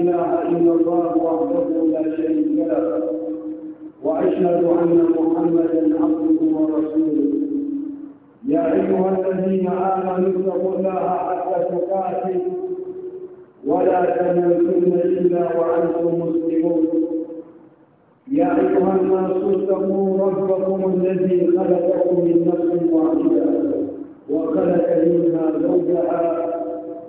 إله إلا الله وحده لا شريك له وأشهد أن محمدا عبده ورسوله يا أيها الذين آمنوا اتقوا الله حتى تقاته ولا تموتن إلا وأنتم مسلمون يا أيها الناس اتقوا ربكم الذي خلقكم من نفس واحدة وخلق منها زوجها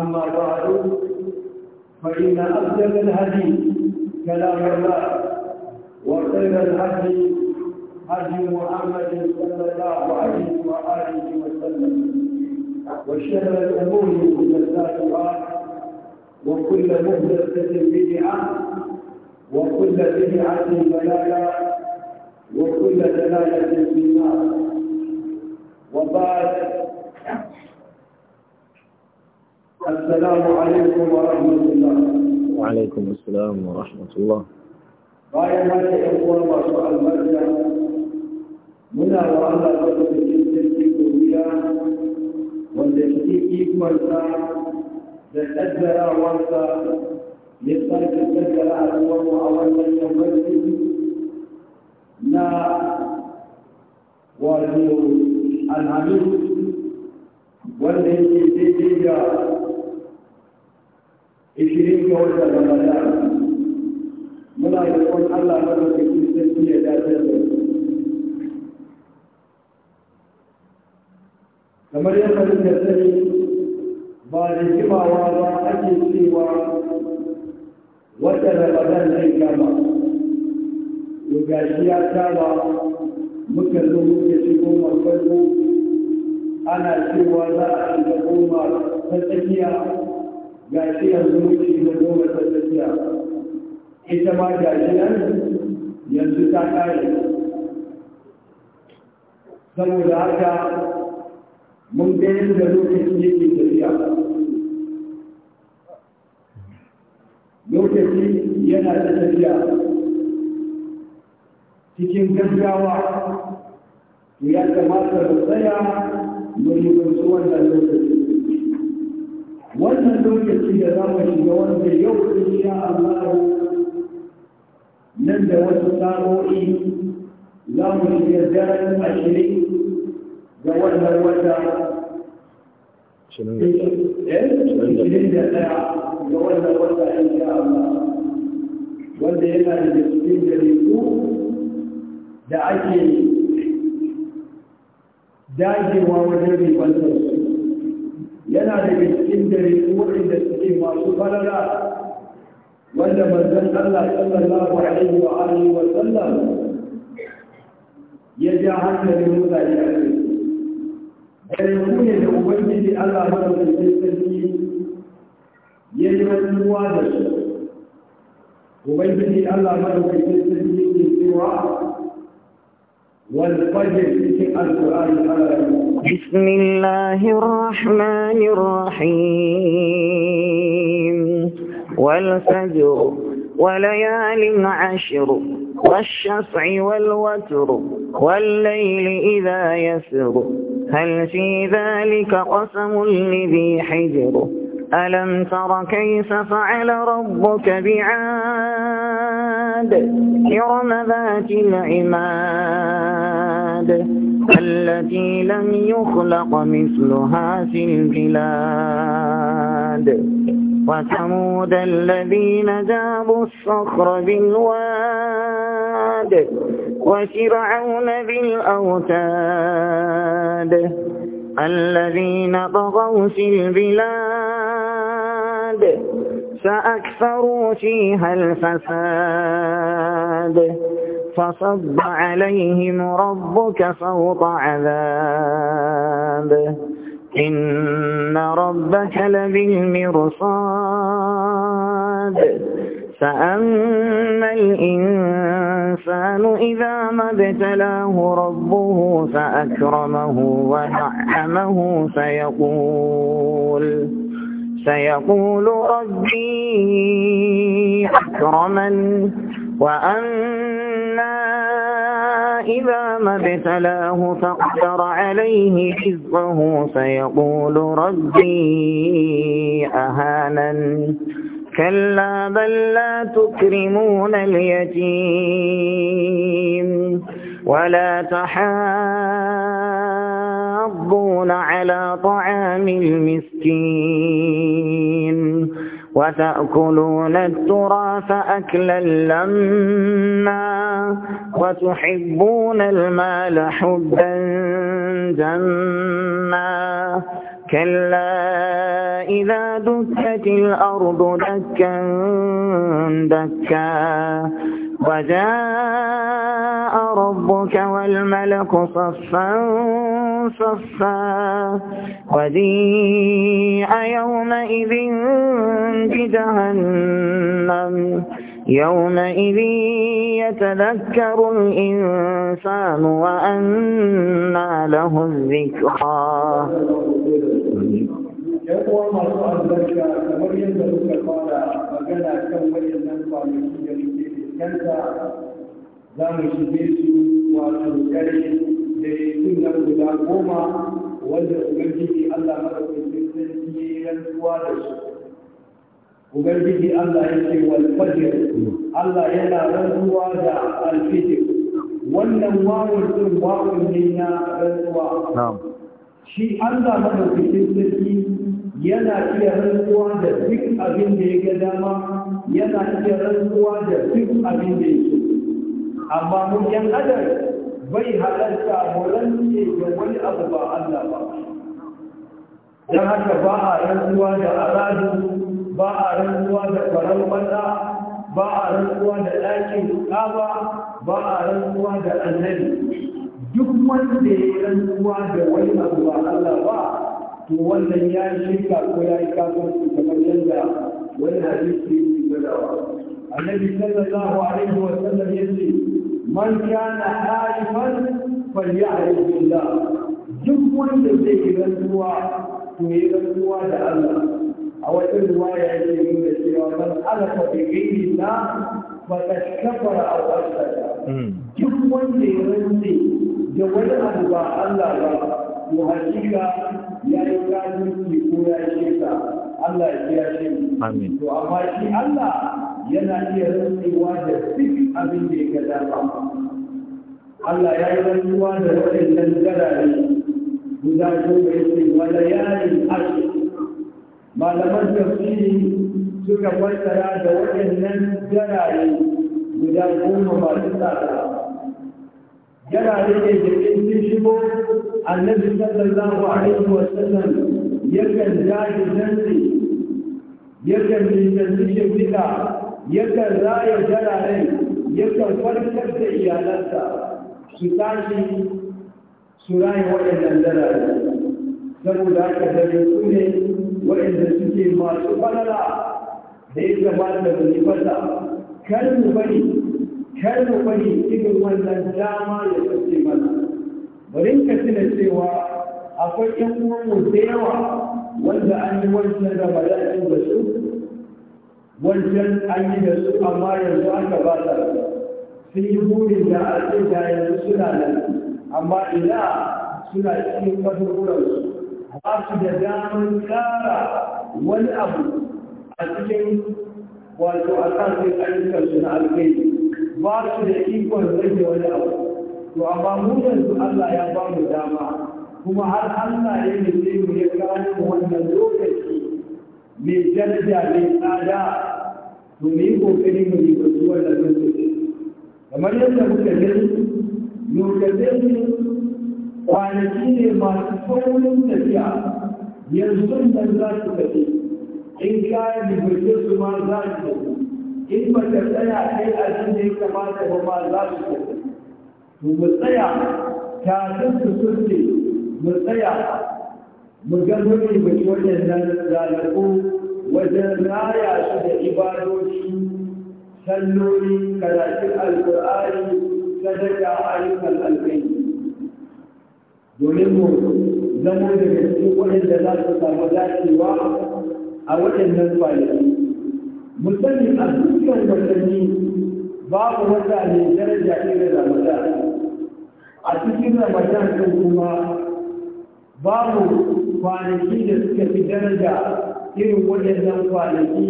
أما بعد فإن أفضل الهدي كلام الله وخير الهدي هدي محمد صلى الله عليه وآله وسلم وشر الأمور محدثاتها وكل محدثة بدعة وكل بدعة ضلالة وكل دلالة في النار وبعد السلام عليكم ورحمة الله وعليكم السلام ورحمة الله قال هذا هو المرجع المرجع من الله تعالى في الدنيا والدنيا في مرجع لتدبر أولا لتدبر أولا لتدبر أولا لتدبر أولا لتدبر أولا لتدبر أولا ishirin ga wata ramadan muna kwan Allah na madaukakin sarki ya dace da kamar yadda da sani ba da jimawa ba ake cewa wata ramadan zai gama to gashi ya saba muka zo muka shigo mafarko ana cewa za a shiga goma ta tsakiya ga shi yanzu mutum da goma ta tafiya ita ma ga nan yanzu ta kare saboda haka mun ga yadda lokacin yake tafiya lokaci yana da tafiya cikin gaggawa ya kamata mu tsaya mu yi wannan lokaci wannan lokaci da za mu shiga wanda yau insha Allah nan da wasu sa'o'i za mu shiga daren ashirin ga wannan wata ashirin da ɗaya ga wannan wata insha Allah wanda yana da cikin jariku da ake dagewa wajen ribantarsu yana da cikin dare waɗanda suke masu falala wanda manzon Allah sallallahu alaihi wa alihi wa sallam ya ja hankalin mutane a kai dare ku ne da ubangiji Allah madaukakin sarki ya yi rantsuwa da su ubangiji Allah madaukakin sarki ke cewa بسم الله الرحمن الرحيم والفجر وليال عشر والشفع والوتر والليل إذا يسر هل في ذلك قسم لذي حجر ألم تر كيف فعل ربك بعاد إرم ذات العماد التي لم يخلق مثلها في البلاد وثمود الذين جابوا الصخر بالواد وفرعون بالأوتاد الذين طغوا في البلاد فأكثروا فيها الفساد فصب عليهم ربك صوت عذاب إن ربك لبالمرصاد فأما الإنسان إذا ما ابتلاه ربه فأكرمه ونعمه فيقول سيقول ربي أكرمن وأنا إذا ما ابتلاه فاقدر عليه رزقه فيقول ربي أهانن كلا بل لا تكرمون اليتيم ولا تحاضون على طعام المسكين وتأكلون التراث أكلا لما وتحبون المال حبا جما كلا إذا دكت الأرض دكا دكا وجاء ربك والملك صفا صفا وديع يومئذ بجهنم يومئذ يتذكر الإنسان وأنى له الذكرى waje ya masu albarka kamar yadda suka fara magana kan nan kwanaki da muke fuskanta za mu shige su wato ƙarshe da yakin nan guda goma wanda ubangiji Allah madaukakin sarki ya rantsuwa da su ubangiji Allah ya ce wal fajr Allah yana rantsuwa da al wannan wawun din wawun ne na rantsuwa shi an Allah madaukakin sarki yana iya rantsuwa da duk abin da ya ga dama yana iya rantsuwa da duk abin da ya so amma mun yan adam bai halarta mu rantse da wani abu ba Allah ba don haka ba a rantsuwa da aradu ba a rantsuwa da farar ba a rantsuwa da ɗakin kaba ba a rantsuwa da annabi duk wanda ya yi rantsuwa da wani abu ba Allah ba to wannan ya shirka ko ya yi kafin kamar yadda wani hadisi yake gadawa annabi sallallahu alaihi wa sallam yace man kana halifan falyahlif billah duk wanda zai yi rantsuwa to yi rantsuwa da Allah أو الرواية التي يقول فيها من na بغير الله فقد كفر أو أشرك duk wanda ya rantse da wani abu ba Allah ba to hakika ya yi kafirci ko ya sheka Allah ya kiya shi to amma shi Allah yana iya rantsewa da duk abin da ya ga dama Allah ya yi rantsuwa da waɗannan gadare guda goma ya ce wala yarin ashir malaman tafsiri suka fassara da waɗannan jarare guda goma masu tsada jarare ne da in sun shigo annabi sallallahu alaihi wa sallam yakan jaji zanzi yakan nisanci fita, yakan raya jarare, yakan farkar da iyalansa su tashi su raya waɗannan jarare saboda haka da su ne waɗanda suke masu falala da ya gabata da nufata kar mu bari kar mu bari irin wannan dama ya sace mana bari ka tuna cewa akwai ƴan uwanmu da yawa wanda an yi wancan da bala'in da su wancan an yi da su amma yanzu aka ba ta sun yi burin da a ce da yanzu suna nan amma ina suna cikin ƙasar ba su da damar kara wani abu a cikin wato a kasin ayyukansu na alkai ba su da ikon rage wani abu to amma mu yanzu Allah ya ba mu dama kuma har Allah ya nufi mu ya kawo wannan lokaci mai daraja mai tsada to mu yi kokari mu yi wannan lokaci kamar yadda muka gani lokacin kwanaki ne masu saurin tafiya yanzu nan za su tafi in kayan da birke su ma za su tafi in ba ta tsaya kai a cikin da ya kamata ba ma za su tafi to mu tsaya kafin su surce mu tsaya mu ga wani mai wajen nan zalaku wajen raya su da ibadoci salloli karatun alkur'ani sadaka ayyukan alkai domin mu zama daga cikin waɗanda za su samu dacewa a waɗannan kwanaki mu sani a dukkan watanni babu wata ne daraja irin ramadan a cikin ramadan ɗin kuma babu kwanaki da suka fi daraja irin waɗannan kwanaki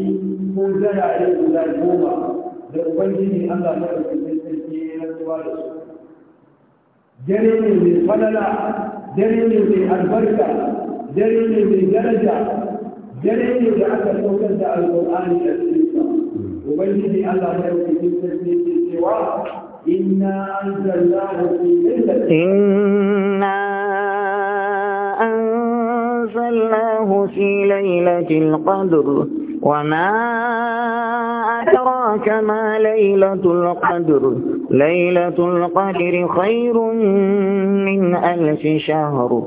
ko zarare guda goma da ubangiji allah maɗaukakin sarki ya rantsuwa da su جريني من فللا جريني من البركة جريني من درجة جريني بعد القرآن الكريم وبلدي ألا يوم في تسليم السواء إنا أنزلناه في ليلة إنا أنزلناه في ليلة القدر وما أدراك ما ليلة القدر ليلة القدر خير من ألف شهر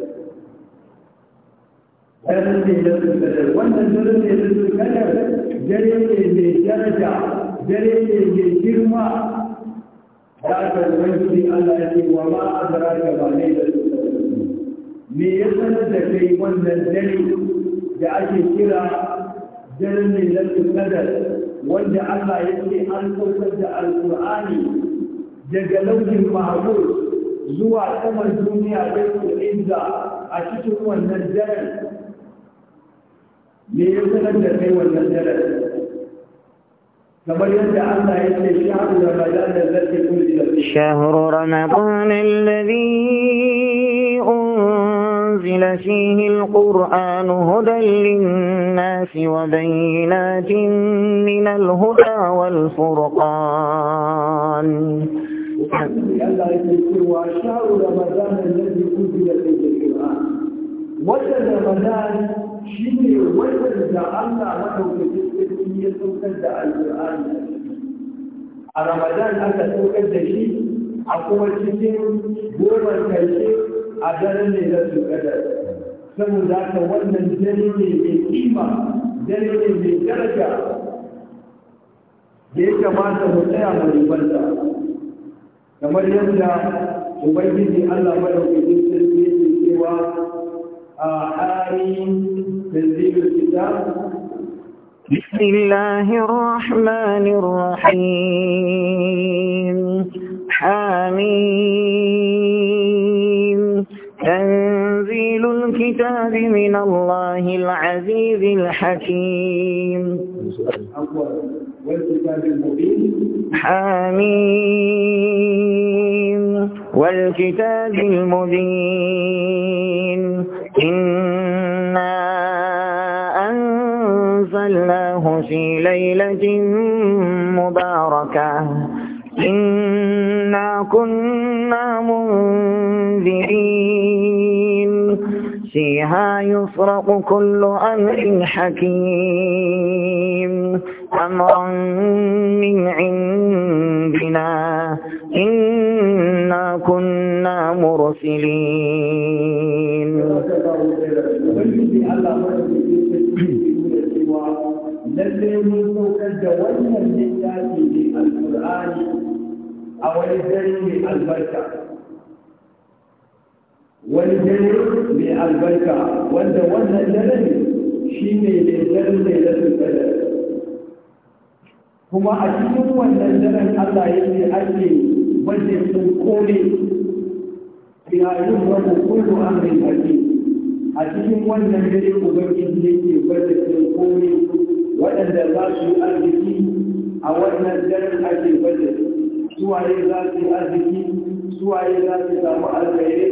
daren ne da tsirkadar wannan daren ne da tsirkadar dare ne mai daraja dare ne mai girma da aka ubangiji Allah ya ce wa ma azara ga ba ne da me ya sanar da kai wannan dare da ake kira daren ne da tsirkadar wanda Allah ya ce an saukar da alkur'ani daga laukin mahmud zuwa saman duniya da inda a cikin wannan daren من يوم الدين والنزلة شهر رمضان الذي أنزل فيه القرآن هدى للناس وبينات من الهدى والفرقان شهر رمضان الذي أنزل فيه القرآن وجد رمضان Allah madaukakin sarki ya saukar da alƙur'ani a Ramadan aka saukar da shi a kuma cikin goma karshe a daren ne na tukadar saboda haka wannan dare ne mai kima dare ne mai daraja da ya kamata mu tsaya mu ribanta kamar yadda ubangiji Allah madaukakin sarki yake cewa a hari تنزيل الكتاب بسم الله الرحمن الرحيم حميم تنزيل الكتاب من الله العزيز الحكيم والكتاب المبين حميم والكتاب المبين إنا أنزلناه في ليلة مباركة إنا كنا منذرين فيها يفرق كل أمر حكيم أمرا من عندنا إنا كنا مرسلين lallai mun saukar da wannan littafi ne alkur'ani a wani dare mai albarka wani dare mai albarka wanda wannan daren shi ne daren mai lasin kuma a cikin wannan daren allah yake ake ne في القول tunanin wannan kullu amrin hakim a cikin wannan dare ubangiji yake bada tilkomi waɗanda za su yi arziki a wannan daren ake bada suwaye za su yi arziki suwaye za su samu alkhairi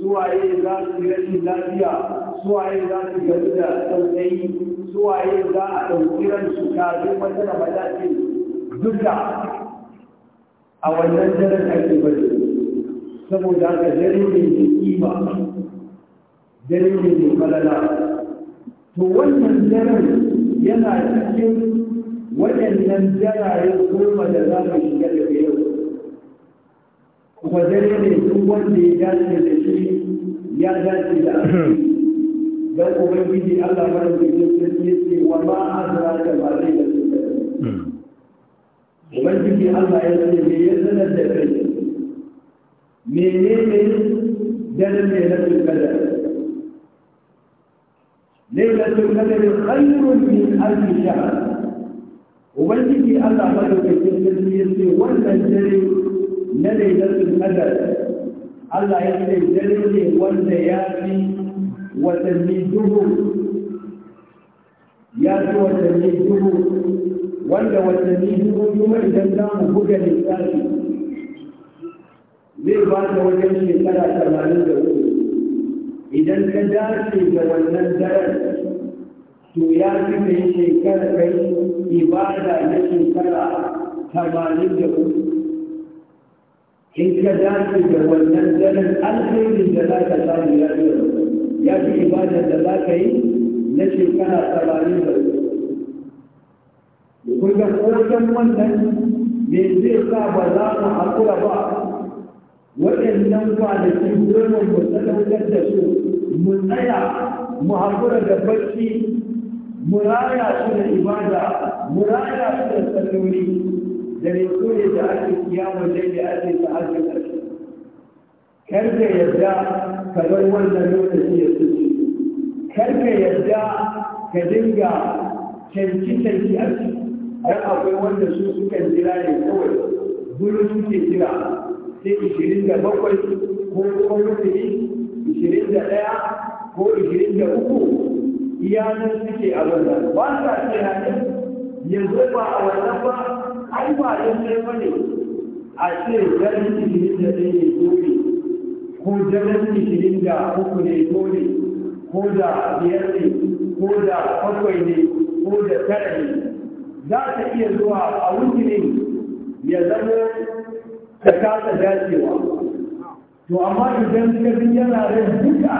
suwaye za su yi rashin lafiya suwaye za su gaji da tsautsayi suwaye za a ɗauki ransu kafin wata ramadan duka a wannan daren ake bari saboda haka dare ne mai kima dare ne falala to wannan daren yana cikin waɗannan jarare goma da za mu shiga daga yau kuma dare ne duk wanda ya dace da shi ya dace da don ubangiji allah mara da ya ce wa ba a zara da ba zai da ubangiji Allah ya sani me ya sanar da kai menene daren ne na kadar lailatul qadr khairun min alf shahr ubangiji Allah ba da kai sai ya ce wannan dare na lailatul qadr Allah ya ce dare ne wanda ya fi watanni dubu ya fi watanni dubu wanda watanni dubu kuma idan za mu buga tsari zai ba ta wajen shekara tamanin da uku idan ka dace da wannan daren to ya fi mai shekara kai ibada na shekara tamanin da uku in ka dace da wannan daren alkhairin da za ka samu ya fi ibada da za ka yi na shekara tamanin da uku kun ga ƙarshen wannan me zai sa ba za mu haƙura ba waɗannan kwanaki goma mu sadaukar da su mu tsaya mu haƙura da bacci mu raya su da ibada mu raya su da salloli da ne ne da ake kiyama da da ake ta'azzi ƙarshe kar ka yarda ka bar wannan lokaci ya tsuci kar ka yarda ka dinga canci-canci a cikin dan akwai wanda su suka jira ne kawai gurin suke jira sai ishirin da bakwai ko kuma mutumi ishirin da ɗaya ko ishirin da uku iyanan suke a wannan ba sa tunanin yanzu ba a wannan ba ai ba yin sai ne. a ce daren ishirin da ɗaya ne dole ko daren ishirin da uku ne dole ko da biyar ne ko da bakwai ne ko da tara ne za ta iya zuwa a ne ya zama ta kasa dacewa to amma idan ka bi yana rai duka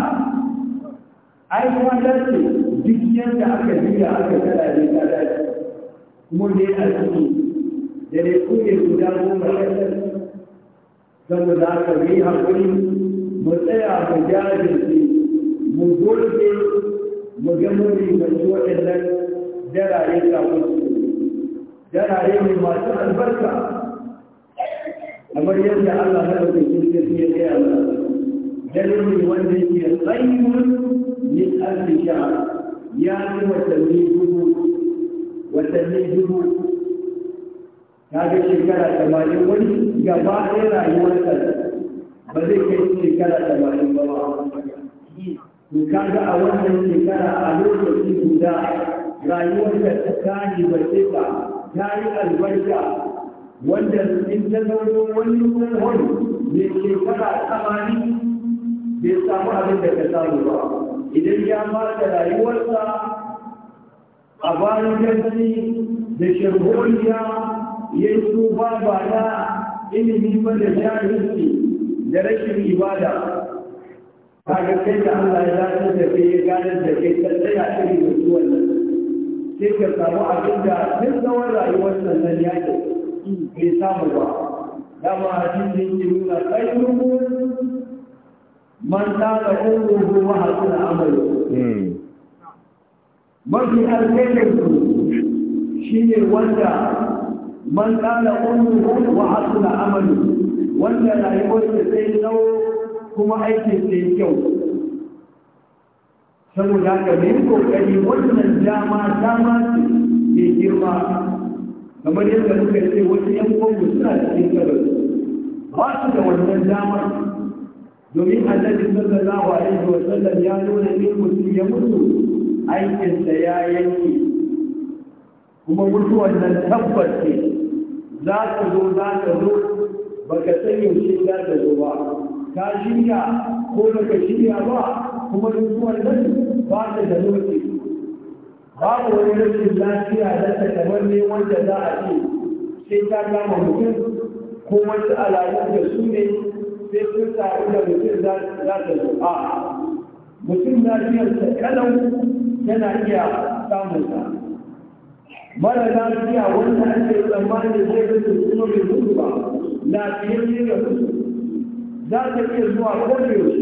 ai kuma dace duk yadda aka biya aka kada ne ta dace kuma dai a ciki da dai kuke guda goma kasar zama za ka yi haƙuri mu tsaya mu jajirce mu gurbe mu ga mun nan, dara yin kafin su yana yin masu albarka kamar yadda Allah na ɗauke su ke fiye da yawa dalili wanda yake tsayin min alfi sha ya yi watanni dubu watanni dubu ta ga shekara tamanin wani gaba ɗaya rayuwarsa ba zai kai shekara tamanin ba ba ka ga a wannan shekara a lokaci guda rayuwarsa ta kaji ba sai ta yi albarka wanda in ta zauro wani ne mai shekara tsamani bai samu abin da ka samu ba idan ya fara rayuwarsa a bayan da shirholiya ya yi tsufa ba na ilimi ba da jahilci da rashin ibada kaga sai da Allah ya zafi da kai ya gane da kai ta tsaya cikin da sai ka samu abin da duk tsawon rayuwar sannan ya ke bai samu ba dama hadisin yake nuna ƙayyuhu man tsaka ƙunguhu mahasuna amalu hmm. mafi alkhairinsu shi ne wanda man tsaka ƙunguhu mahasuna amalu wanda rayuwar sai tsawo kuma aikin sai kyau saboda haka mai kokari wannan dama dama ce ke girma kamar yadda kuka ce wasu yan kogo suna cikin kabar ba su da wannan dama. domin annabi sallallahu alaihi wa sallam ya nuna ne mutum ya mutu aikin da ya yanke kuma mutuwan nan tabbas ce za ka zo za ka zo baka san yaushe za ka zo ba ka shirya ko baka shirya ba kuma mutuwar wannan ba ta da lokaci babu wani rashin lafiya da ta kamar ne wanda za a ce sai ta kama mutum ko wasu alamu da su ne sai sun taru da mutum za ta zo a mutum ta kalau yana iya samun sa mara lafiya wanda ake tsammani zai rufe kuma bai mutu ba lafiyar ne ga mutu za ta iya zuwa yaushe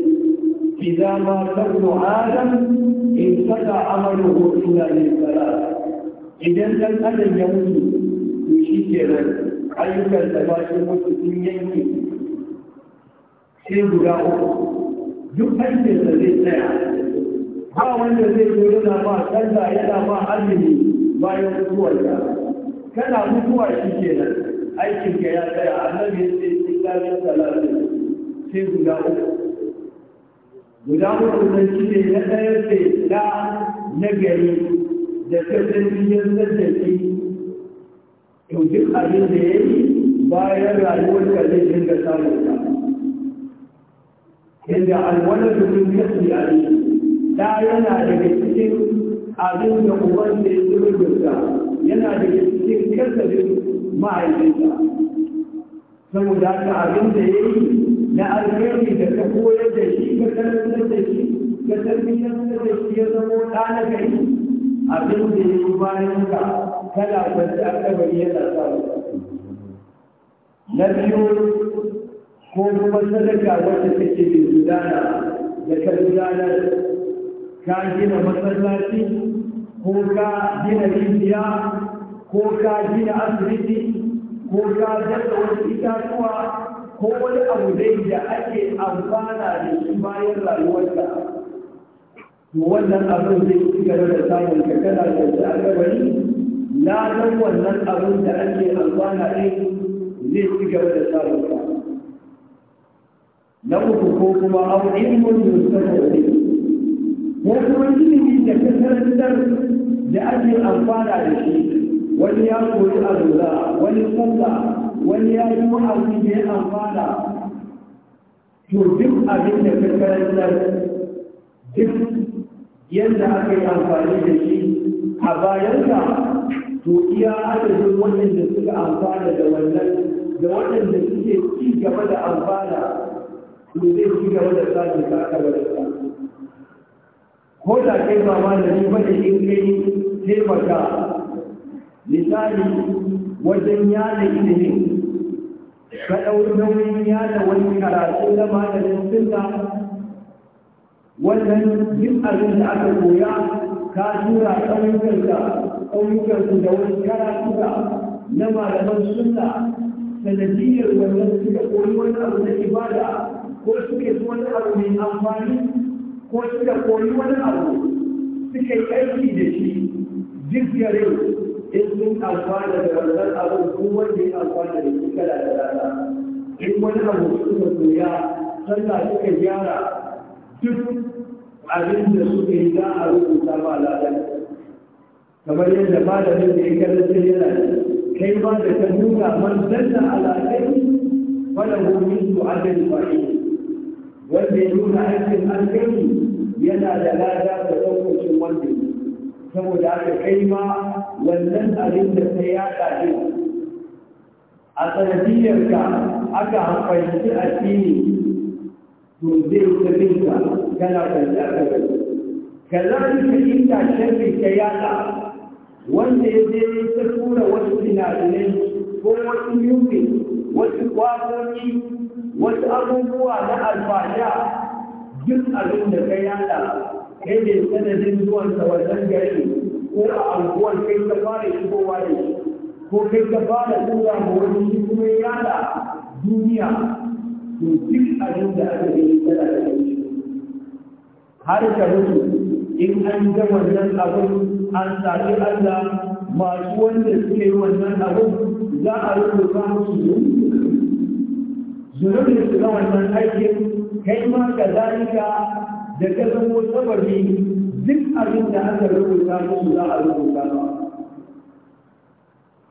إذا مات ابن آدم انقطع عمله إلى الثلاث إذا لم أدم يموت يشكر أيك التباشر مسلم يمكن sai guda uku duk aikin da zai tsaya ba wanda zai zo yana ba sallah yana ba azumi bayan mutuwar kana mutuwa shi kenan aikin ka ya tsaya annabi sai sai salatu sai guda uku guda uku shi ne na ɗaya ce da na gari da biyar na tsaddaki to duk abin da ya yi bayan rayuwar ka zai dinga samun ka inda alwala da mun kasi a yi yana daga cikin abin da uban da ya zurgunta yana daga cikin kasarin ma'aikinta saboda ta abin da ya yi na alheri da ka koyar da shi ka karantar da shi ka tarbiyyar da shi ya zama ɗa na gari abin da ya yi bayan ka kana a kabari yana sa na biyu ko kuma sadaka wacce take mai gudana da ka gudana ka gina masallaci ko ka gina rijiya ko ka gina asibiti ko ka daɗa wasu itatuwa ko wani abu dai da ake amfana da shi bayan rayuwarka wannan abin zai ci gaba da samun ka kana da shi a gabari na san wannan abin da ake amfana ne zai ci gaba da samun ka na uku ko kuma abu ilmin musamman ne ko kuma ilimi da kasarantar da ake amfana da shi wani ya koyi alula wani sallah wani ya yi wa'azi da ya amfana to duk abin da ka karantar duk yadda aka yi amfani da shi a bayanka to iya adadin waɗanda suka amfana da wannan da waɗanda suke ci gaba da amfana to zai ci gaba da sake ka aka barasa ko da kai ba ma da ni bane in kai taimaka misali wajen yada ilimi ka ɗauri nauyin yada wani karatu na maganin sunna wannan duk abin da aka koya ka tura ƙauyukanka ƙauyukanku da wani karatuka na malaman sunna sanadiyyar wannan suka koyi wani abu na ibada ko suke su wani abu mai amfani ko suka koyi wani abu suka yi aiki da shi duk yare in sun amfana da wannan abin ko wanda ya amfana da shi kala da rana in wani abu suka koya sallah suka gyara duk abin da suka yi za a rubuta ba ladan kamar yadda malamin da ya karanta yana kai ba da ka nuna man dalla alaƙai wala mu'min su adal fa'i wanda ya nuna aikin alƙairi yana da lada da ɗaukacin wanda saboda haka kai ma wannan abin da ta yaɗa ne a sanadiyarka aka amfani addini to zai wuce gana kana Ka za kan kazalika inda shafi ta yaɗa wanda ya je ta tura wasu sinadarai ko wasu yuki wasu kwakoki wasu abubuwa na alfaja duk abin da ka yaɗa kai ne sanadin zuwansa wannan gari ko a anguwar kai ka fara shigowa da ko kai ka fara tura ma wani shi kuma ya yada duniya to duk abin da aka gani tana da shi har ta mutu in an ga wannan abin an sami Allah masu wanda suke wannan abin za a yi musu zunubin su ga wannan aikin kai ma ka zalika da ka zama sababi duk abin da aka rubuta musu za a rubuta ba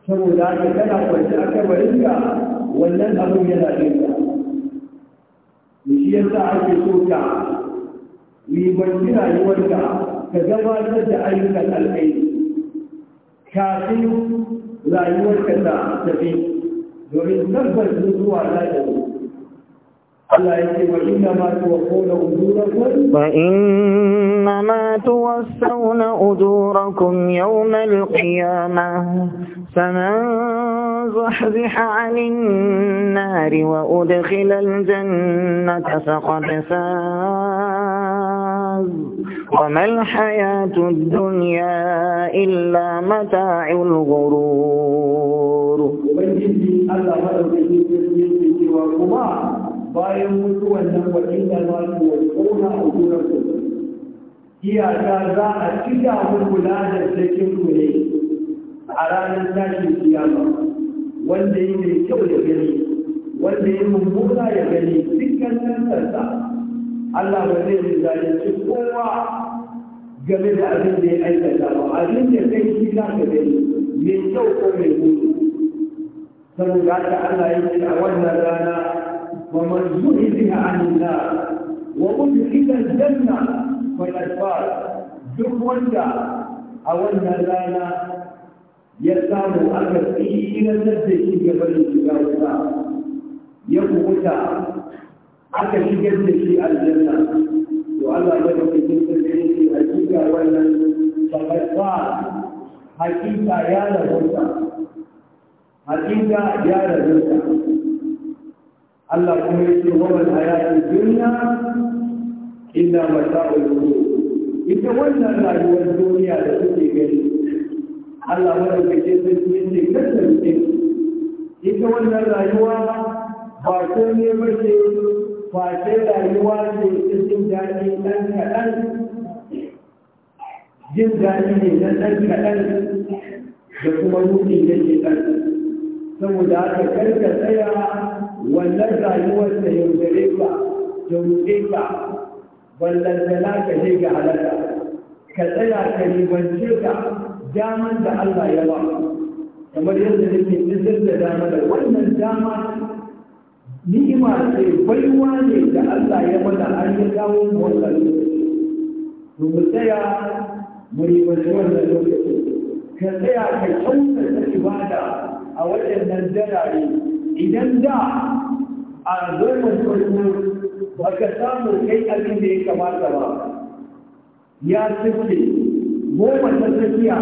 saboda aka kana kwanci aka bari ka wannan abin yana rinka da shi yasa ake so ka ribanci rayuwarka ka gabatar da ayyukan alkhairi kafin rayuwarka ta tafi domin tabbas zuwa lafiya وإنما توفون أجوركم يوم القيامة فمن زحزح عن النار وأدخل الجنة فقد فاز وما الحياة الدنيا إلا متاع الغرور bayan mutuwan nan wa inda za su wa kona a gurin su iyaka za a cika muku kula cikin ku ne a ranar tashin kiyama wanda yi mai kyau da gani wanda yi mummuna ya gani dukkan nasarsa Allah ba zai zalunci kowa game da abin da ya aikata ba abin da kai shi za ka gani mai kyau ko mai gudu saboda haka Allah ya ce a wannan rana ومن زهزه عن النار وأدخل الجنة فقد فاز duk wanda a wannan rana ya samu aka tsirantar da shi gaban shiga wuta ya kubuta aka shigar da shi aljanna to Allah ya ba shi jinsa da yake hakika wannan tabbata hakika ya rabuta hakika ya rabuta الا تمثلهم الحياه الدنيا الا متاع الوجود الدنيا وجدنا ان الدنيا لتسجل الا ولو بجسد مثلك مثل مثل اذا وجدنا رايوها فاتينا رايوها جسد جاني لن كالف جسد جاني لن كالف لكم الوجود الذي كالف ثم ذاك كالف wannan rayuwar da yaudare ba yaudare ba ballantana ka je ga halaka ka tsaya ka ribance ka daman da Allah ya ba kamar yadda nake nisar da dama da wannan dama ni'ima ce baiwa ne da Allah ya mana an yi kawo mu wannan lokaci to mu tsaya mu ribanci wannan lokaci ka tsaya ka kyautata ibada a waɗannan darare idan da a zomin farko ba ka samu kai abin da ya kamata ba ya suke goma ta tafiya,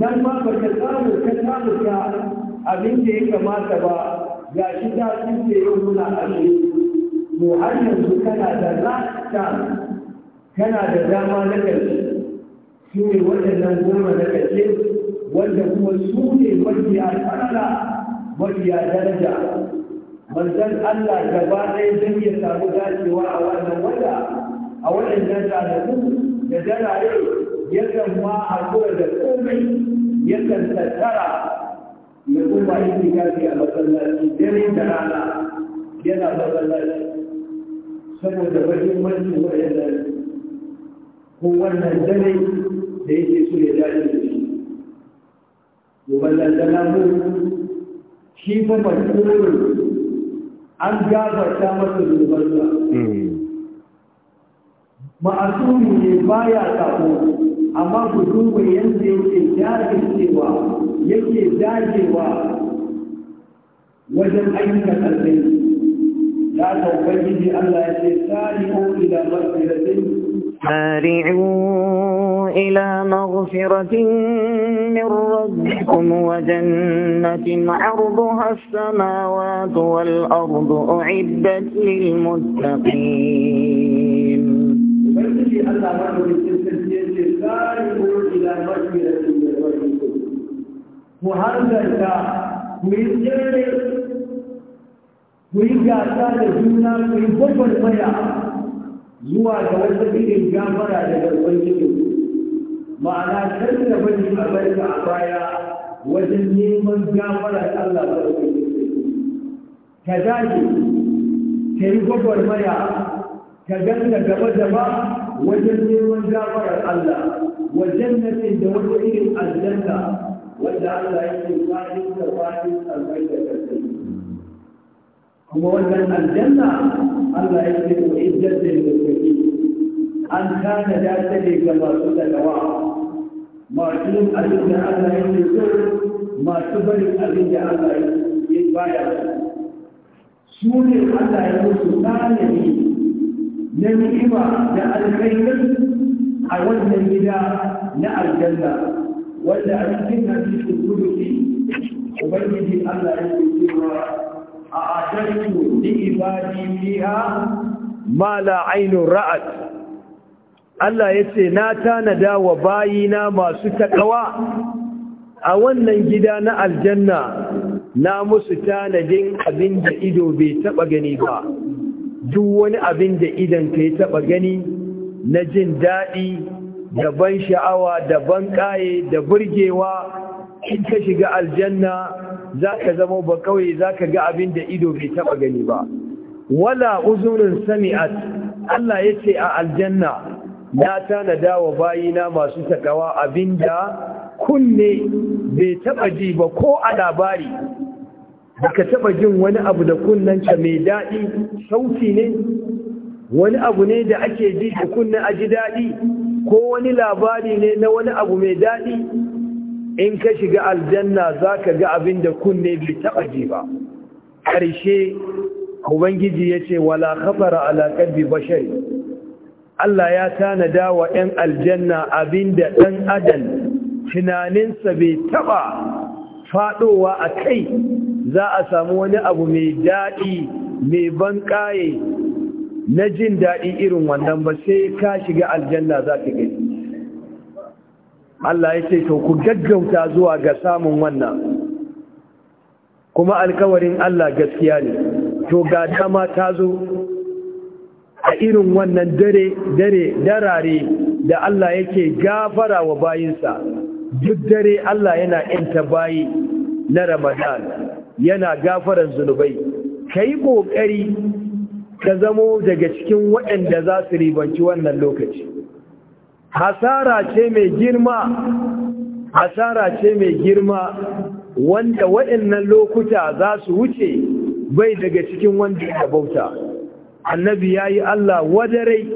nan ma ba ka samu ka samu ka abin da ya kamata ba ga shi da suke yau muna ashe to har yanzu kana da rasta, kana da dama na ƙarshe shi ne waɗannan goma na ƙarshe wanda kuma su ne mafiya tsarara mafiya daraja manzan Allah ba ɗaya zan iya samu dacewa a wannan wata a waɗannan ranaku da darare yakan ma a kura da komai yakan tattara ya kuma yi tikafi a masallaci dare da rana yana masallaci saboda mahimmancin waɗannan ko wannan dare da yake so ya dace da shi. Gobe mu shi ba makurin an gabata masa zubarsa hmm. ma'asumi ne baya sako amma ku duba yadda yake jajircewa yake dagewa wajen ayyukan alheri Ya ta ubangiji Allah ya ce ko ila maghfiratin سارعوا إلى مغفرة من ربكم وجنة عرضها السماوات والأرض أعدت للمتقين muhanzarta ku yi tsere ku yi gasa zuwa da wata irin gafara daga ubangiji ma'ana kar ka bari a barka a baya wajen neman gafara ta Allah ba ka dage ka yi gwagwarmaya ka ganda gaba gaba wajen neman gafarar Allah wajen nace da wata irin aljanna wanda Allah ya ce fadin da fadin albai da kuma wannan aljanna Allah ya ce wa idan lil muttaqin an kana da ta ga masu takawa masu yin abin da Allah ya ce ko masu barin abin da Allah ya baya su ne Allah ya musu tanadi na ni'ima da alkhairin a wannan gida na aljanna wanda a cikin hadisin kudusi ubangiji Allah ya ce cewa أعددت لعبادي فيها ما لا عين رأت Allah ya ce, Na tanada wa bayina masu takawa a wannan gida na aljanna na musu tanadin abin da ido bai taɓa gani ba, duk wani abin da idan ka yi taɓa gani na jin daɗi da ban sha'awa da ban ƙaye da burgewa in ka shiga aljanna za ka zama ba kawai za ka ga abin da ido bai taba gani ba wala uzurin sami'at Allah ya ce a aljanna na tanada wa bayina masu takawa abin da kunne bai taba ji ba ko a labari baka taɓa jin wani abu da ka mai daɗi sauti ne wani abu ne da ake ji da kunnen a ji daɗi ko wani labari ne na wani abu mai daɗi in ka shiga aljanna za ka ga abin da kunne bai taɓa ji ba ƙarshe ubangiji ya ce wala khafara alaƙar bi bashari Allah ya tanada wa ‘yan aljanna abin da ɗan adam tunaninsa bai taɓa faɗowa a kai za a samu wani abu mai daɗi mai ban ƙaye na jin daɗi irin wannan ba sai ka shiga aljanna za ka gani Allah ya ce to ku gaggauta zuwa ga samun wannan kuma alkawarin Allah gaskiya ne to ga dama ta zo a irin wannan dare dare darare da Allah yake gafara wa bayinsa duk dare Allah yana inta bayi na Ramadan yana gafaran zunubai kai kokari ka zamo daga cikin waɗanda za su ribanci wannan lokaci hasara ce mai girma hasara ce mai girma wanda waɗannan lokuta za su wuce bai daga cikin wanda ya bauta annabi ya yi Allah wadarai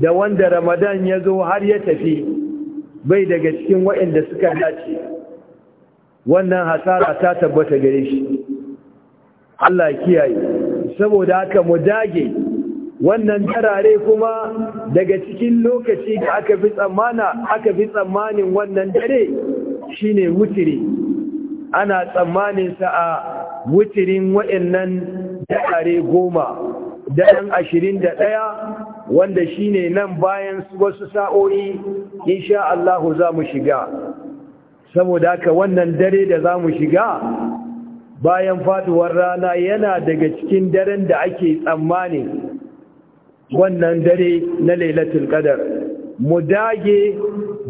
da wanda ramadan ya zo har ya tafi bai daga cikin waɗanda suka dace wannan hasara ta tabbata gare shi Allah kiyaye saboda haka mu dage wannan darare kuma daga cikin lokaci da aka fi tsammana aka fi tsammanin wannan dare shine wutiri ana tsammanin sa a wutirin waɗannan darare goma daren ashirin da ɗaya wanda shine nan bayan wasu sa'o'i insha Allah za mu shiga saboda haka wannan dare da za mu shiga bayan faduwar rana yana daga cikin daren da ake tsammanin wannan dare na lailatul qadar mu dage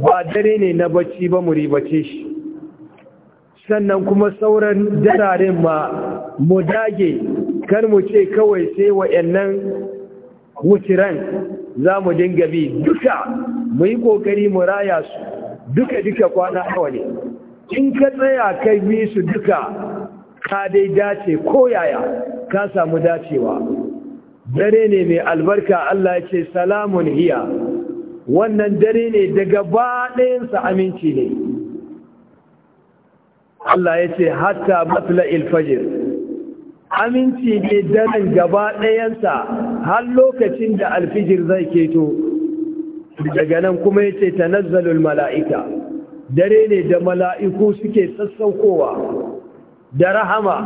ba dare ne na bacci ba mu ribace shi sannan kuma sauran dararen ma mu dage kar mu ce kawai sai wayannan wuciran za mu dinga bi duka mu yi kokari mu raya su duka duka kwana nawa ne in ka tsaya kai bi su duka ka dai dace ko yaya ka samu dacewa dare ne mai albarka Allah ya ce salamun hiya wannan dare ne daga baɗayensa aminci ne Allah ya ce hatta matla ilfajir aminci ne daren gaba ɗayansa har lokacin da alfijir zai keto daga nan kuma ya ce tanazzalul mala'ika dare ne da mala'iku suke sassaukowa da rahama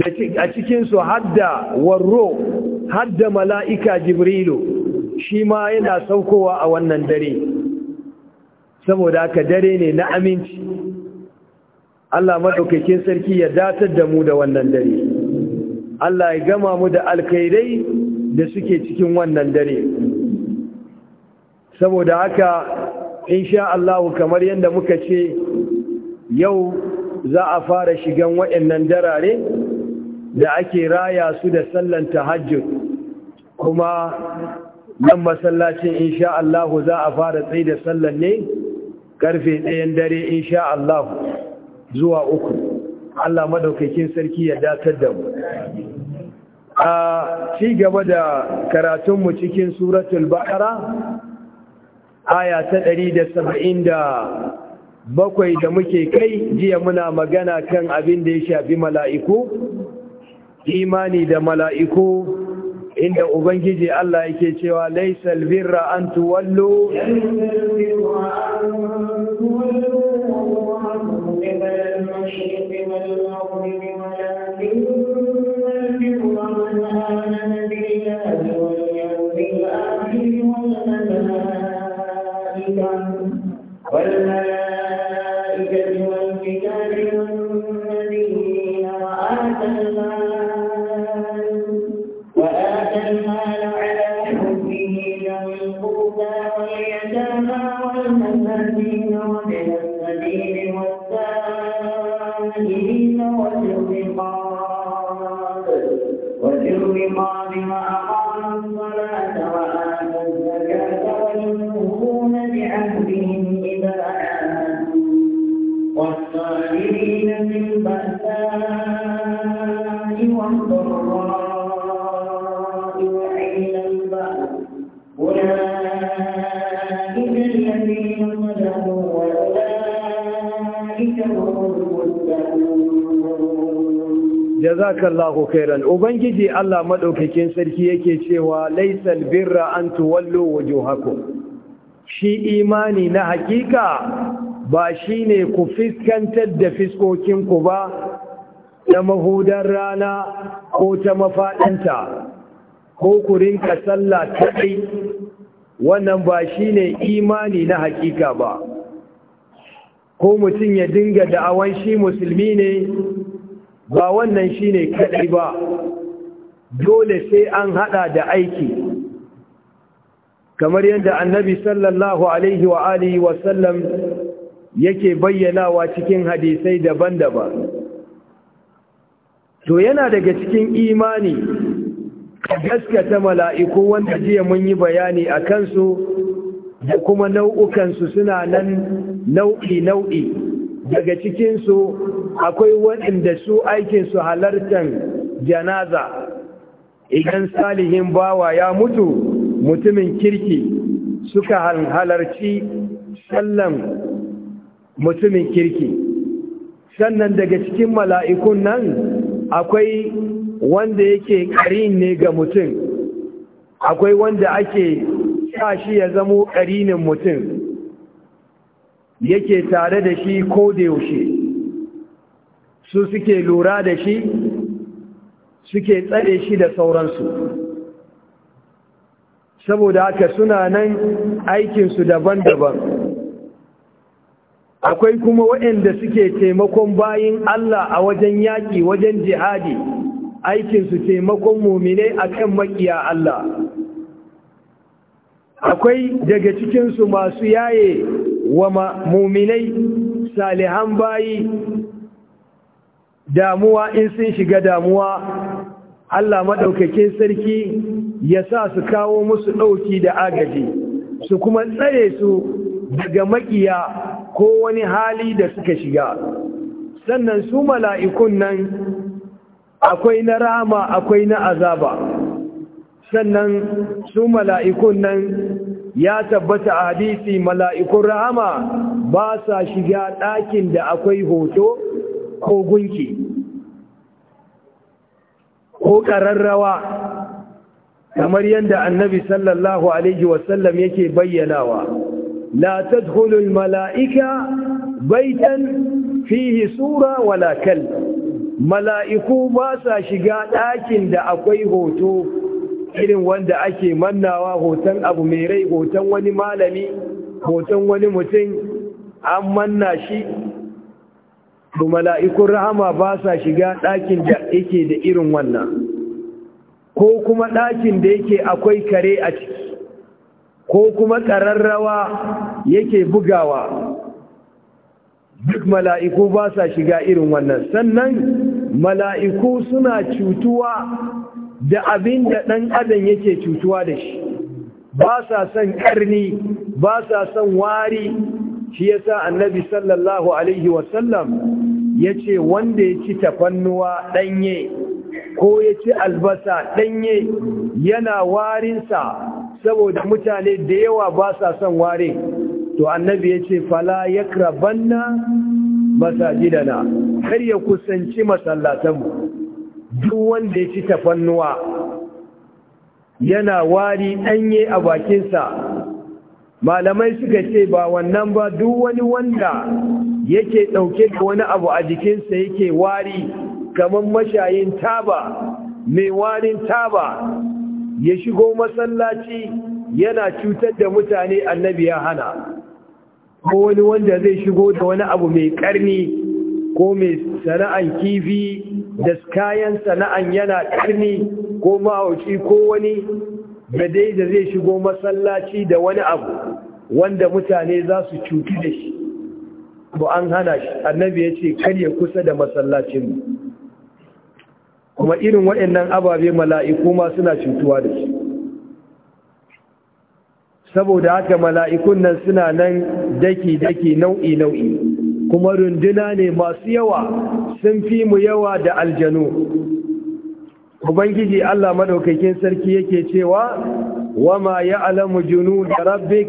a cikinsu hadda warro hadda mala'ika jibrilu shi ma yana saukowa a wannan dare saboda haka dare ne na aminci Allah maɗaukakin sarki ya datar da mu da wannan dare Allah ya gama mu da alkhairai da suke cikin wannan dare saboda haka insha Allah kamar yadda muka ce yau za a fara shigan waɗannan darare da ake raya su da sallan tahajjud kuma nan masallacin insha Allah za a fara tsaye da sallan ne karfe ɗayan dare insha Allah zuwa uku Allah madaukakin sarki ya datar da mu a ci gaba da karatun mu cikin suratul baqara aya ta bakwai da muke kai jiya muna magana kan abin da ya shafi mala'iku imani da mala'iku inda ubangiji Allah yake cewa laisal birra an tuwallu والملائكة jazakallahu khairan ubangiji Allah madaukakin sarki yake cewa laysal birra an tuwallu wujuhakum shi imani na hakika ba shine ku fiskantar da fiskokin ku ba da mahudar rana ko ta mafadanta ko ku rinka sallah kadai wannan ba shine imani na hakika ba ko mutum ya dinga da'awan shi musulmi ne ba wannan shi ne kaɗai ba dole sai an haɗa da aiki kamar yadda annabi sallallahu alaihi wa alihi wa sallam yake bayyanawa cikin hadisai daban-daban to yana daga cikin imani ka gaskata mala'iku wanda jiya mun yi bayani a kansu da kuma nau'ukansu suna nan nau'i-nau'i daga cikinsu akwai waɗanda su aikin su halartar janaza idan salihin bawa ya mutu mutumin kirki suka halarci sallan mutumin kirki sannan daga cikin mala'ikun nan akwai wanda yake ƙarin ne ga mutum akwai wanda ake sa shi ya zamo ƙarinin mutum yake tare da shi ko da yaushe su suke lura da shi suke tsare shi da sauransu saboda haka suna nan aikinsu daban-daban akwai kuma waɗanda suke taimakon bayin Allah a wajen yaƙi wajen jihadi aikinsu taimakon mumine a kan maƙiya Allah akwai daga cikinsu masu yaye wa muminai salihan bayi damuwa in sun shiga damuwa Allah maɗaukakin sarki ya sa su kawo musu ɗauki da agaji su kuma tsare su daga maƙiya ko wani hali da suka shiga sannan su mala'ikun nan akwai na rama akwai na azaba sannan su mala'ikun nan ya tabbata a hadisi mala'ikun rahama ba sa shiga ɗakin da akwai hoto ko gunki ko ƙararrawa kamar yadda annabi sallallahu alaihi wasallam yake bayyanawa la tadkhulul mala'ika baitan fihi sura wala kal mala'iku ba sa shiga ɗakin da akwai hoto irin wanda ake mannawa hoton abu mai rai hoton wani malami hoton wani mutum an manna shi ba mala'ikun rahama ba sa shiga ɗakin da yake da irin wannan ko kuma ɗakin da yake akwai kare a ciki ko kuma ƙararrawa yake bugawa duk mala'iku ba sa shiga irin wannan sannan mala'iku suna cutuwa da abin da ɗan adam yake cutuwa da shi ba sa son ƙarni ba sa son wari shi yasa annabi sallallahu alaihi wasallam ya ce wanda ya ci tafannuwa ɗanye ko ya ci albasa ɗanye yana warinsa saboda mutane da yawa ba sa son ware to annabi ya ce fala ya krabanna masajidana har ya kusanci masallatanmu duk wanda ya ci tafannuwa yana wari ɗanye a bakinsa malamai suka ce ba wannan ba duk wani wanda yake ɗauke da wani abu a jikinsa yake wari kamar mashayin taba mai warin taba ya shigo masallaci yana cutar da mutane annabi ya hana ko wani wanda zai shigo da wani abu mai ƙarni ko mai sana'an kifi da kayan sana'an yana ƙarni ko mahauci ko wani dai da zai shigo masallaci da wani abu wanda mutane za su cutu da shi Ba an hana shi annabi ya ce karye kusa da masallacinmu kuma irin waɗannan ababe mala'iku ma suna cutuwa da shi saboda haka mala'ikun nan suna nan daki-daki nau'i-nau'i kuma runduna ne masu yawa sun fi mu yawa da aljanu ubangiji Allah madaukakin sarki yake cewa "Wa wama ya'lamu junun rabbik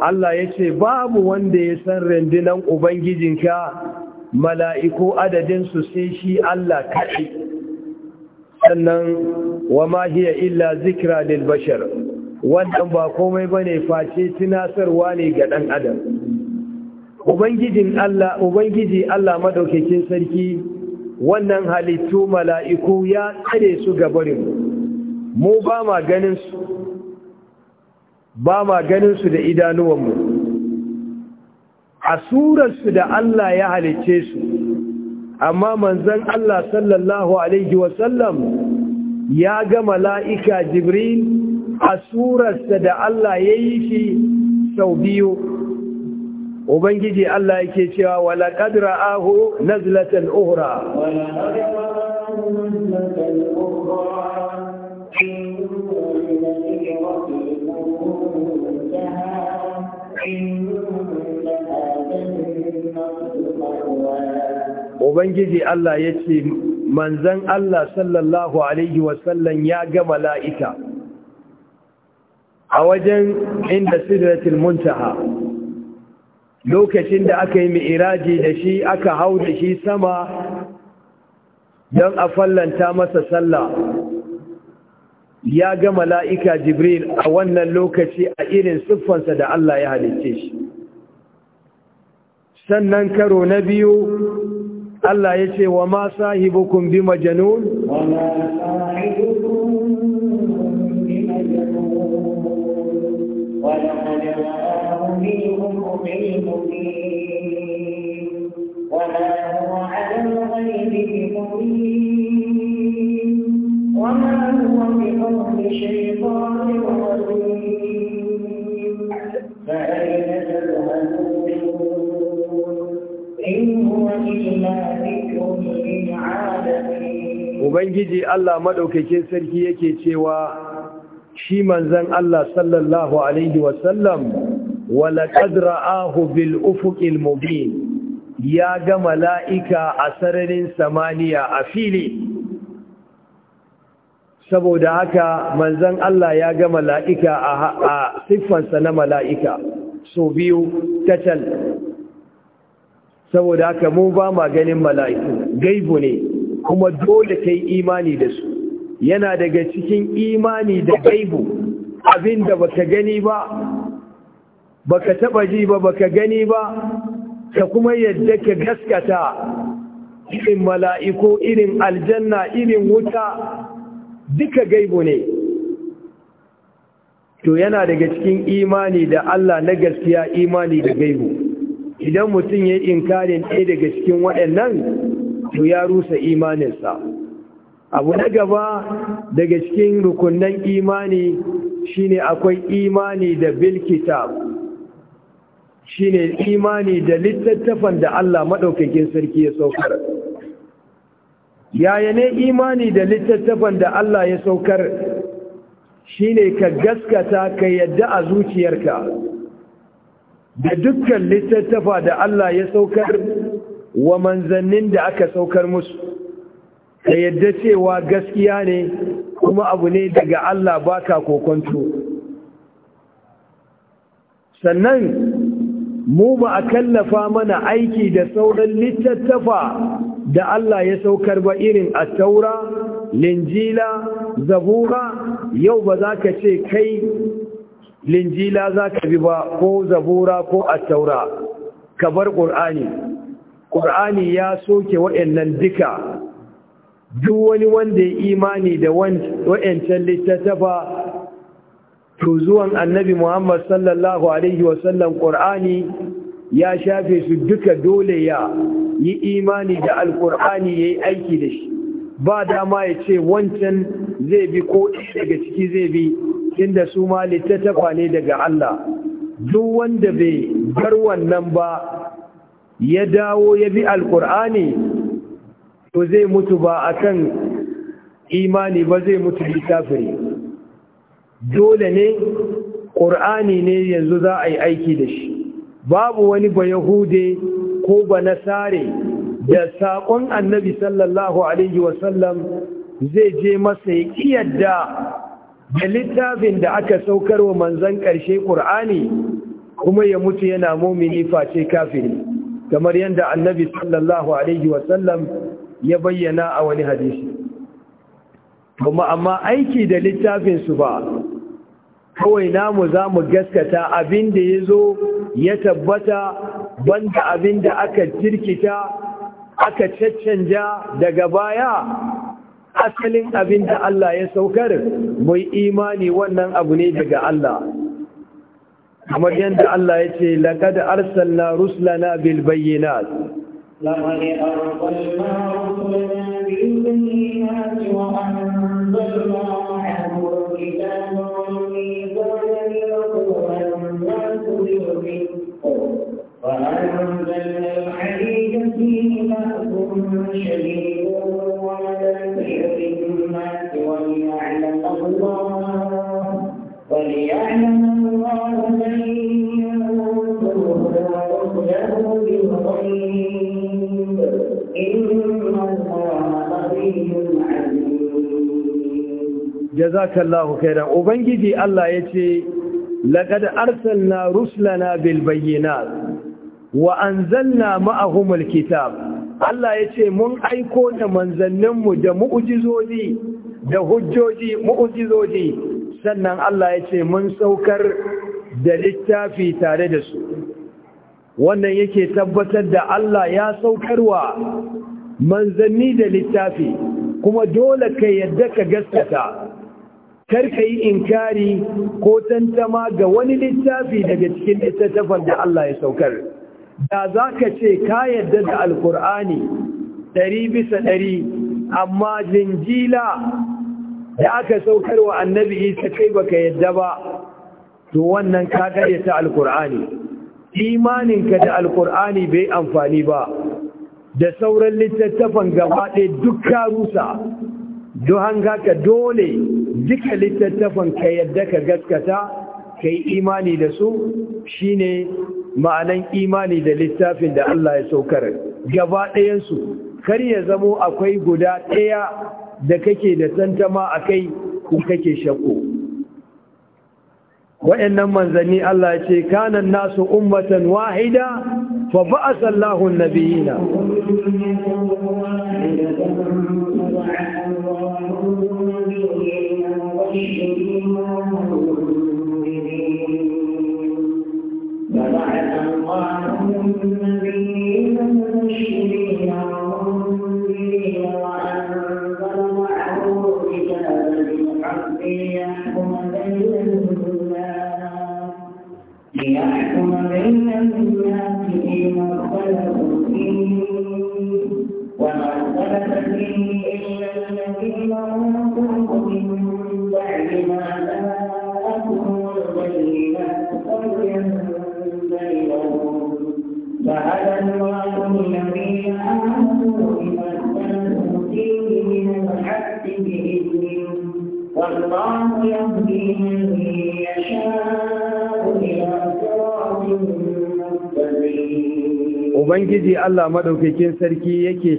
Allah ya ce babu wanda ya san rundunan Ubangijinka mala'iku su sai shi Allah kaɗi sannan wa ma hiya illa zikra lil bashar wannan ba komai ba ne face tunasarwa ne ga ɗan adam ubangijin allah ubangiji allah madaukakin sarki wannan halittu mala'iku ya tsare su gabarin mu ba ma ganin su ba ma ganin su da idanuwanmu a surarsu da allah ya halicce su amma manzon allah sallallahu alaihi wasallam ya ga mala'ika jibril a surarsa da Allah ya yi shi sau biyu ubangiji Allah yake cewa wala qadra ahu nazlatan uhra ubangiji Allah yace manzon Allah sallallahu alaihi wasallam ya ga mala'ika a wajen inda sidratul muntaha lokacin da aka yi mi'iraji da shi aka hau da shi sama don a fallanta masa sallah ya ga mala'ika jibril a wannan lokaci a irin siffansa da Allah ya halicce shi sannan karo na biyu Allah ya ce wa ma sahibukun bi majanun wa ma sahibukun ولقد رآه بالأفق المبين وما هو على الغيب بمبين وما هو بقول شيطان رجيم فأين تذهبون إن هو إلا ذكر للعالمين Ubangiji Allah maɗaukakin sarki yake cewa shi manzan Allah sallallahu alaihi wasallam wala ahu bil ufuƙil mubin ya ga mala'ika a sararin samaniya a fili saboda haka manzan Allah ya ga mala'ika a siffansa na mala'ika so biyu tatal saboda haka mu ba ma ganin mala'iku gaibu ne kuma dole yi imani da su yana daga cikin imani da gaibu abinda baka gani ba baka taba ji ba baka gani ba ka kuma yadda ka gaskata irin mala'iku irin aljanna irin wuta duka gaibu ne to yana daga cikin imani da Allah na gaskiya imani da gaibu idan mutum ya yi inkarin ɗaya daga cikin waɗannan to ya rusa imaninsa abu na gaba daga cikin rukunan imani shine akwai imani da bilkitab shine imani da littattafan da Allah maɗaukakin sarki ya saukar yaya ne imani da littattafan da Allah ya saukar shine ka gaskata ka yadda a zuciyarka da dukkan littattafa da Allah ya saukar wa manzannin da aka saukar musu ka yadda cewa gaskiya ne kuma abu ne daga Allah baka kokonto sannan mu ba a kallafa mana aiki da sauran littattafa da Allah ya saukar ba irin a taura linjila zabura yau ba za ka ce kai linjila za ka bi ba ko zabura ko a taura ka bar ƙur'ani ƙur'ani ya soke waɗannan duka duk wani wanda ya imani da wa'yancan littattafa to zuwan annabi Muhammad sallallahu Alaihi wasallam ƙor'ani ya shafe su duka dole ya yi imani da alƙur'ani ya yi aiki da shi ba dama ya ce wancan zai bi ko daga ciki zai bi inda su ma littattafa ne daga Allah duk wanda bai bar wannan ba ya dawo ya bi alƙur'ani to zai mutu ba akan imani ba zai mutu bi dole ne ƙur'ani ne yanzu za a yi aiki da shi babu wani ba yahude ko ba nasare da saƙon annabi sallallahu alaihi wasallam zai je masa ya ƙiyadda da littafin da aka saukar wa manzan ƙarshe ƙur'ani kuma ya mutu yana momini face kafiri kamar yadda annabi sallallahu alaihi wasallam ya bayyana a wani hadisi kuma amma aiki da littafinsu ba kawai namu za mu gaskata abin da ya zo ya tabbata banda abin da aka jirkita aka caccanja daga baya asalin abin da Allah ya saukar mai imani wannan abu ne daga Allah kamar yadda Allah ya ce laƙad arsalna ruslana bil لقد أرسلنا رسلنا بالبينات وأنزلنا معهم الكتاب والميزان ليقوم الناس بالقسط وأنزلنا الحديد فيه بأس شديد ومنافع للناس وليعلم الله وليعلم jazakallahu khairan ubangiji Allah yace laqad arsalna rusulana bil bayyinat wa anzalna al kitab Allah yace mun aiko da manzannin mu da mu'jizoji da hujjoji mu'jizoji sannan Allah yace mun saukar da littafi tare da su wannan yake tabbatar da Allah ya saukarwa manzanni da littafi kuma dole ka yadda ka gaskata Kar ka yi inkari ko tantama ga wani littafi daga cikin littattafan da Allah ya saukar da za ka ce ka yadda da alkur'ani ɗari bisa ɗari amma jinjila da aka saukar wa annabi isa kai baka yadda ba to wannan ka ta alkur'ani imaninka da alkur'ani bai amfani ba da sauran littattafan gaba ɗaya duk karusa. rusa don ka dole duka littattafan ka yadda ka gaskata ka yi imani da su shi ne ma'anan imani da littafin da Allah ya saukar gaba ɗayansu kar ya zamo akwai guda ɗaya da kake da tantama a kai ko kake shakko wa'annan manzanni Allah ya ce kanan nasu ummatan wahida fa ba'asa Allahu nabiyina النبيين مبشرين ومنذرين وأنزل ليحكم بين الناس Ubangiji Allah Maɗaukakin sarki yake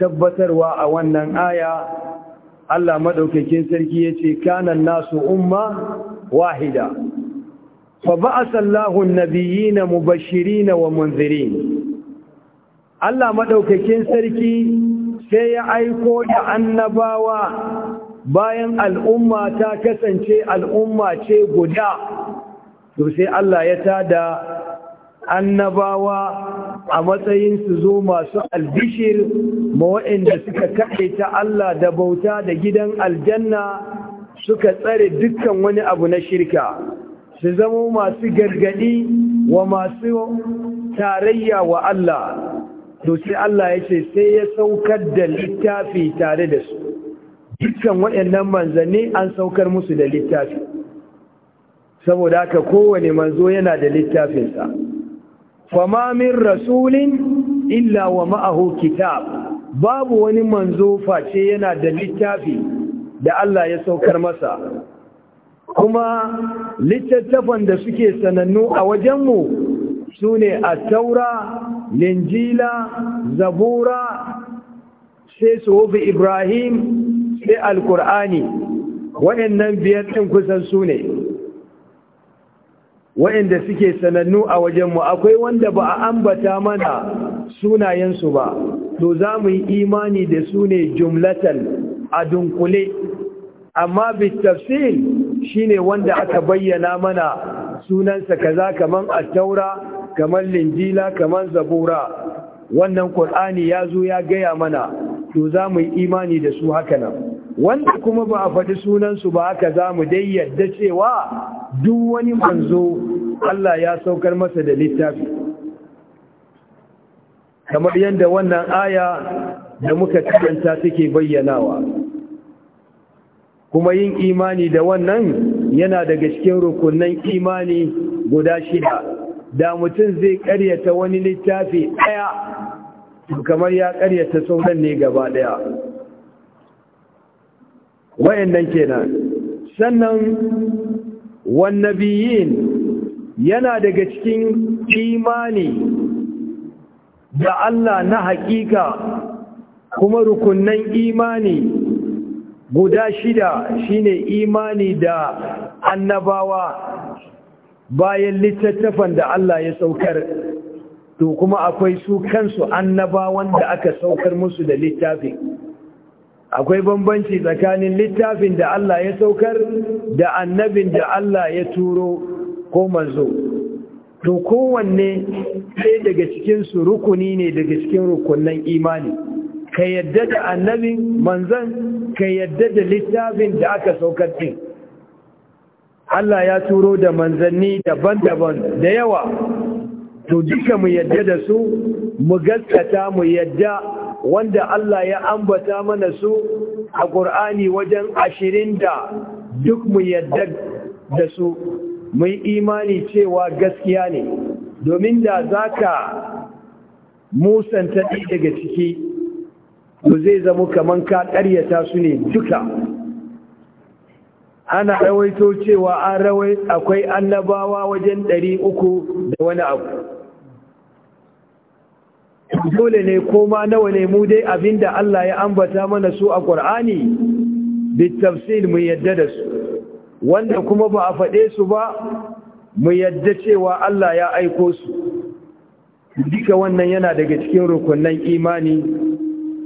tabbatarwa a wannan aya Allah Maɗaukakin sarki yace kanan nasu umma wahida fa ba'atha Allahu na nabiyina mubashirin wa munzirin Allah maɗaukakin sarki sai ya aiko da annabawa bayan al'umma ta kasance al'umma ce guda, to sai Allah ya tada annabawa a matsayin su zo masu albishir ma waɗanda suka kaɗe ta Allah da bauta da gidan aljanna suka tsare dukkan wani abu na shirka su zama masu gargaɗi wa masu tarayya wa Allah to sai Allah ya ce sai ya saukar da littafi tare da su dukkan waɗannan manzanni an saukar musu da littafi saboda haka kowane manzo yana da littafinsa fama min rasulin illa wa ma'ahu kitab babu wani manzo face yana da littafi da Allah ya saukar masa kuma littattafan da suke sanannu a wajenmu su ne a taura linjila zabura sai suhufi ibrahim sai alkur'ani waɗannan biyar ɗin kusan su ne waɗanda suke sanannu a wajenmu akwai wanda ba a ambata mana sunayensu ba to za mu yi imani da su ne jumlatan a dunkule amma shi shine wanda aka bayyana mana sunansa kaza kaman at-taura kamar linjila kamar zabura wannan qur'ani ya zo ya gaya mana to za mu yi imani da su hakanan. wanda kuma ba a faɗi sunansu ba haka za mu dai yadda cewa duk wani manzo Allah ya saukar masa da littafi kamar yadda wannan aya da muka karanta take bayyanawa kuma yin imani da wannan yana daga cikin rukunan imani guda shida da mutum zai karyata wani littafi daya kamar ya karyata sauran ne gaba daya wayannan kenan sannan wannabiyin yana daga cikin imani da Allah na hakika kuma rukunnan imani guda shida shine imani da annabawa bayan littattafan da Allah ya saukar to kuma akwai su kansu annabawan da aka saukar musu da littafin akwai bambanci tsakanin littafin da Allah ya saukar da annabin da Allah ya turo ko manzo to kowanne sai daga cikin su rukuni ne daga cikin rukunnan imani ka yadda da annabin manzon ka yadda da littafin da aka saukar din Allah ya turo da manzanni daban-daban da yawa to duka mu yadda da su mu gaskata mu yadda wanda Allah ya ambata mana su a ƙur'ani wajen ashirin da duk mu yadda da su mu imani cewa gaskiya ne domin da za ka musanta daga ciki to zai zama kamar ka ƙaryata su ne duka ana rawaito cewa an rawai akwai annabawa wajen ɗari uku da wani abu dole ne koma nawa ne mu dai da Allah ya ambata mana su a ƙwar'ani bitafsil mu yadda da su wanda kuma ba a faɗe su ba mu yadda cewa Allah ya aiko su duka wannan yana daga cikin rukunan imani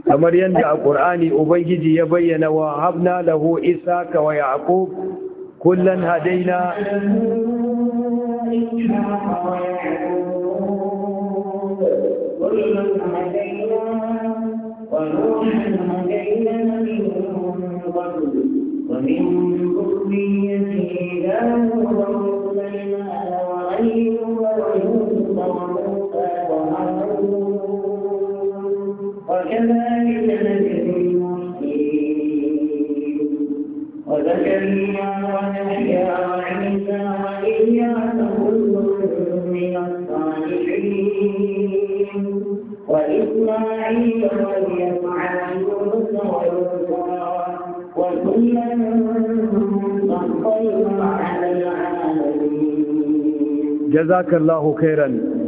kamar yadda a ƙur'ani ubangiji ya bayyana wa habna lahu isaka wa yaqub kullan hadaina ومن ذريته داود وسليمان وأيوب وكذلك نجزي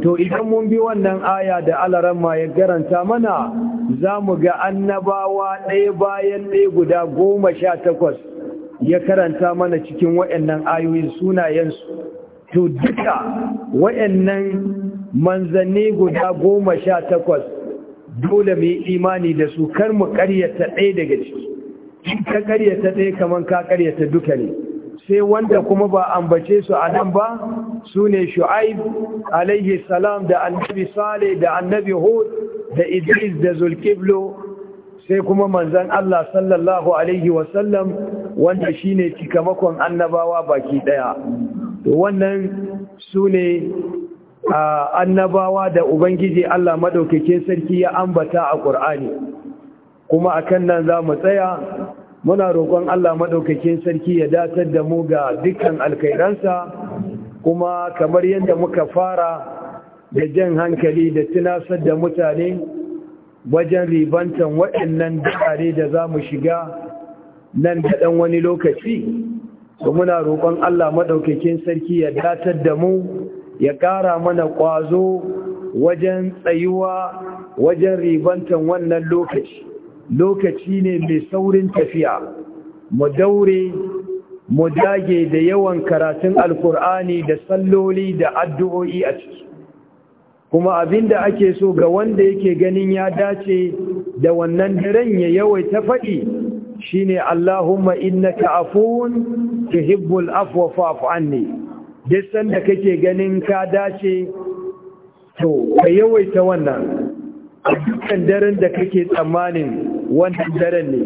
to idan mun bi wannan aya da alaran ma ya garanta mana za mu ga annabawa ɗaya bayan ɗaya guda goma sha takwas ya karanta mana cikin waɗannan ayoyin sunayensu to duka waɗannan manzanni guda goma sha takwas dole mu yi imani da su kar mu karyata ɗaya daga ciki in ka karyata ɗaya kamar ka karyata duka ne sai wanda kuma ba ambace su a nan ba su ne shu'aib alaihi salam da annabi saleh da annabi hud da Idris da zulkiblo sai kuma manzan Allah sallallahu Alaihi wasallam wanda shi ne cikamakon annabawa baki ɗaya. Wannan su ne annabawa da Ubangiji Allah maɗaukakin sarki ya ambata a ƙur'ani. Kuma akan nan za mu tsaya, muna roƙon Allah maɗaukakin sarki ya datar da mu ga dukkan alkairansa, kuma kamar yadda muka fara da jan hankali da tunasar da mutane wajen ribantan waɗannan dare da za mu shiga nan daɗan wani lokaci da muna roƙon Allah maɗaukakin sarki ya datar da mu ya ƙara mana ƙwazo wajen tsayuwa wajen ribantan wannan lokaci lokaci ne mai saurin tafiya mu daure mu dage da yawan karatun alkur'ani da salloli da addu'o'i a ciki kuma abin da ake so ga wanda yake ganin ya dace da wannan daren ya yawaita faɗi shi ne Allahumma ka afuwun tuhibbul afwa fa'fu ne duk sanda kake ganin ka dace to ka yawaita wannan a dukkan daren da kake tsammanin wannan daren ne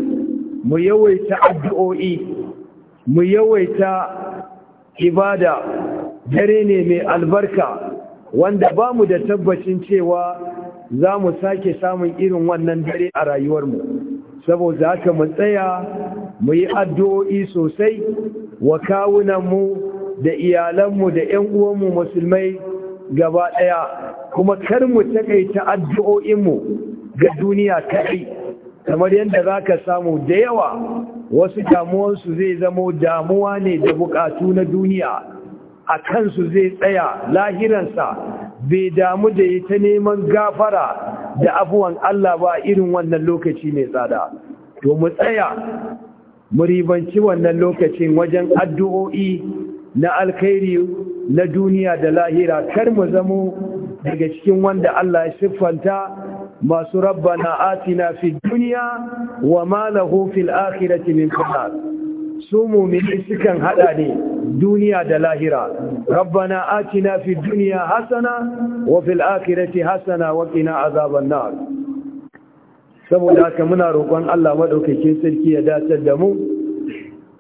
mu yawaita addu'o'i mu yawaita ibada dare ne mai albarka wanda ba mu da tabbacin cewa za mu sake samun irin wannan dare a rayuwarmu saboda haka mu tsaya mu yi addu'o'i sosai wa kawunanmu da iyalanmu da ‘yan uwanmu musulmai gaba ɗaya kuma kar mu taƙaita addu'o'inmu ga duniya kaɗai kamar yadda za ka samu da yawa wasu damuwansu zai zamo damuwa ne da buƙatu na duniya a kansu zai tsaya lahiransa bai damu da ya ta neman gafara da abuwan Allah ba irin wannan lokaci mai tsada to mu tsaya mu ribanci wannan lokacin wajen addu'o'i na alkhairi na duniya da lahira kar mu zamo daga cikin wanda Allah ya siffanta masu na atina fi duniya wa ma lahu fil akhirati min su mumini sukan hada ne duniya da lahira rabbana atina fi dunya hasana wa fil akhirati hasana wa qina azaban nar saboda haka muna roƙon Allah madaukakin sarki ya dacar da mu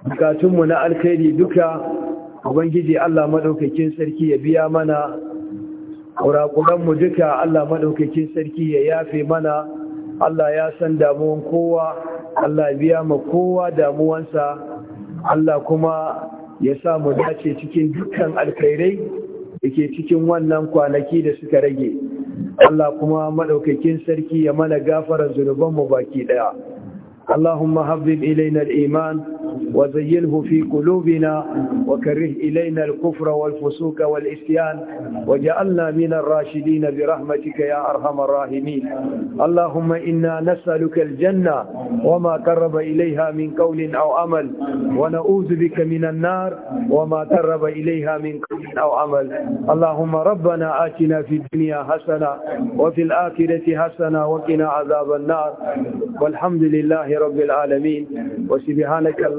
bukatun mu na alkhairi duka ubangiji Allah madaukakin sarki ya biya mana kurakuran mu duka Allah madaukakin sarki ya yafe mana Allah ya san damuwan kowa Allah biya ma kowa damuwansa Allah kuma ya sa mu dace cikin dukkan alkhairai da ke cikin wannan kwanaki da suka rage Allah kuma maɗaukakin sarki ya mana gafarar zunubanmu baki ɗaya. Allahumma habbib ilaina al-iman وزينه في قلوبنا وكره إلينا الكفر والفسوق والإسيان وجعلنا من الراشدين برحمتك يا أرحم الراحمين اللهم إنا نسألك الجنة وما قرب إليها من قول أو عمل ونعوذ بك من النار وما قرب إليها من قول أو عمل اللهم ربنا آتنا في الدنيا حسنة وفي الآخرة حسنة وقنا عذاب النار والحمد لله رب العالمين وسبحانك الله